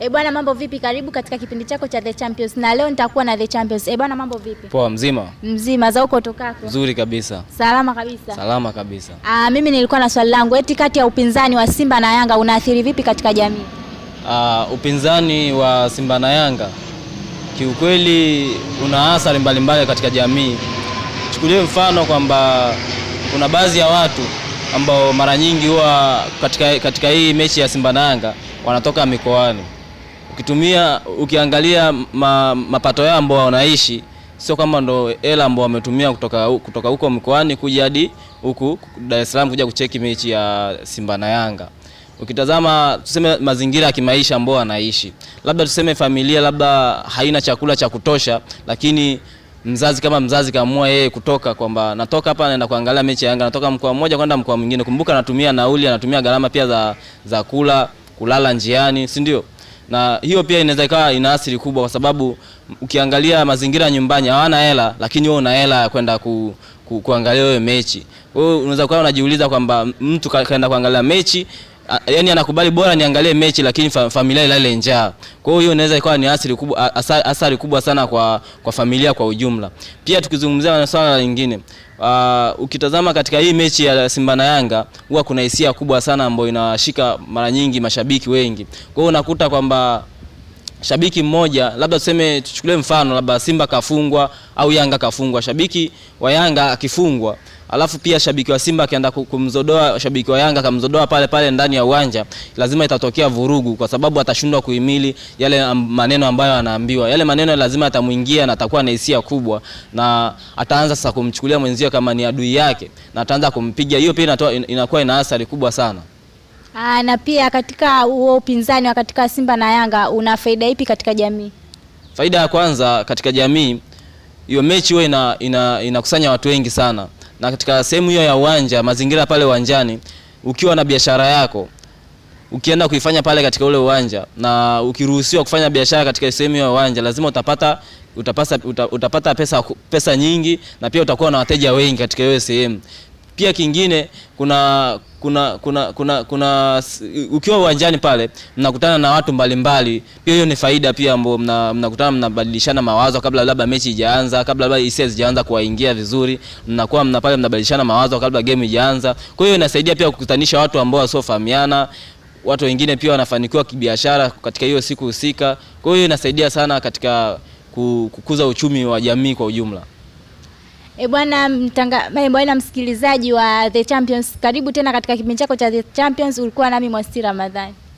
E bwana, mambo vipi? Karibu katika kipindi chako cha The Champions na leo nitakuwa na The Champions. E bwana, mambo vipi? Poa, mzima mzima. Za huko utokako? Nzuri kabisa, salama kabisa, salama kabisa. Ah, mimi nilikuwa na swali langu, eti eh, kati ya upinzani wa Simba na Yanga unaathiri vipi katika jamii? Aa, ah, upinzani wa Simba na Yanga kiukweli una athari mbalimbali katika jamii. Chukulie mfano kwamba kuna baadhi ya watu ambao mara nyingi huwa katika, katika hii mechi ya Simba na Yanga wanatoka mikoani ukitumia ukiangalia ma, mapato yao ambao wanaishi sio kama ndo hela ambao wametumia kutoka kutoka huko mkoani kuja hadi huku Dar es Salaam kuja kucheki mechi ya Simba na Yanga. Ukitazama tuseme mazingira ya kimaisha ambao wanaishi, labda tuseme familia labda haina chakula cha kutosha, lakini mzazi kama mzazi kaamua yeye kutoka kwamba natoka hapa naenda kuangalia mechi ya Yanga, natoka mkoa mmoja kwenda mkoa mwingine. Kumbuka anatumia nauli, anatumia gharama pia za, za kula kulala njiani, si ndio? na hiyo pia inaweza ikawa ina athari kubwa, kwa sababu ukiangalia mazingira nyumbani hawana hela, lakini wewe una hela ya kwenda ku, ku, kuangalia wewe mechi. Wewe unaweza kuwa unajiuliza kwamba mtu kaenda kuangalia mechi yani anakubali bora niangalie mechi, lakini fa, familia ilale njaa. Kwa hiyo inaweza ikawa ni athari kubwa, athari kubwa sana kwa, kwa familia kwa ujumla. Pia tukizungumzia na swala lingine Uh, ukitazama katika hii mechi ya Simba na Yanga huwa kuna hisia kubwa sana ambayo inawashika mara nyingi mashabiki wengi. Kwa hiyo unakuta kwamba shabiki mmoja labda tuseme, tuchukulie mfano labda Simba kafungwa au Yanga kafungwa, shabiki wa Yanga akifungwa alafu pia shabiki wa Simba akienda kumzodoa shabiki wa Yanga akamzodoa pale pale ndani ya uwanja, lazima itatokea vurugu, kwa sababu atashindwa kuhimili yale maneno ambayo anaambiwa. Yale maneno lazima atamuingia na atakuwa na hisia kubwa, na ataanza sasa kumchukulia mwenzio kama ni adui yake, na ataanza kumpiga. Hiyo pia inakuwa ina athari kubwa sana. Aa, ah, na pia katika huo upinzani wa katika Simba na Yanga una faida ipi katika jamii? Faida ya kwanza katika jamii, hiyo mechi huwa ina, ina, inakusanya watu wengi sana, na katika sehemu hiyo ya uwanja, mazingira pale uwanjani, ukiwa na biashara yako ukienda kuifanya pale katika ule uwanja na ukiruhusiwa kufanya biashara katika sehemu ya uwanja lazima utapata utapasa, utapata pesa, pesa nyingi na pia utakuwa na wateja wengi katika ile sehemu pia kingine kuna kuna kuna kuna kuna ukiwa uwanjani pale mnakutana na watu mbalimbali mbali. Pia hiyo ni faida pia mna, mnakutana mnabadilishana mawazo kabla labda mechi ijaanza kabla labda hisia hazijaanza kuwaingia vizuri, mnakuwa mna pale mnabadilishana mawazo kabla game ijaanza Kwa hiyo inasaidia pia kukutanisha watu ambao wasiofahamiana watu wengine pia wanafanikiwa kibiashara katika hiyo siku husika. Kwa hiyo inasaidia sana katika kukuza uchumi wa jamii kwa ujumla. E bwana mtanga eh, bwana msikilizaji wa The Champions, karibu tena katika kipindi chako cha The Champions. Ulikuwa nami mwasti Ramadhani.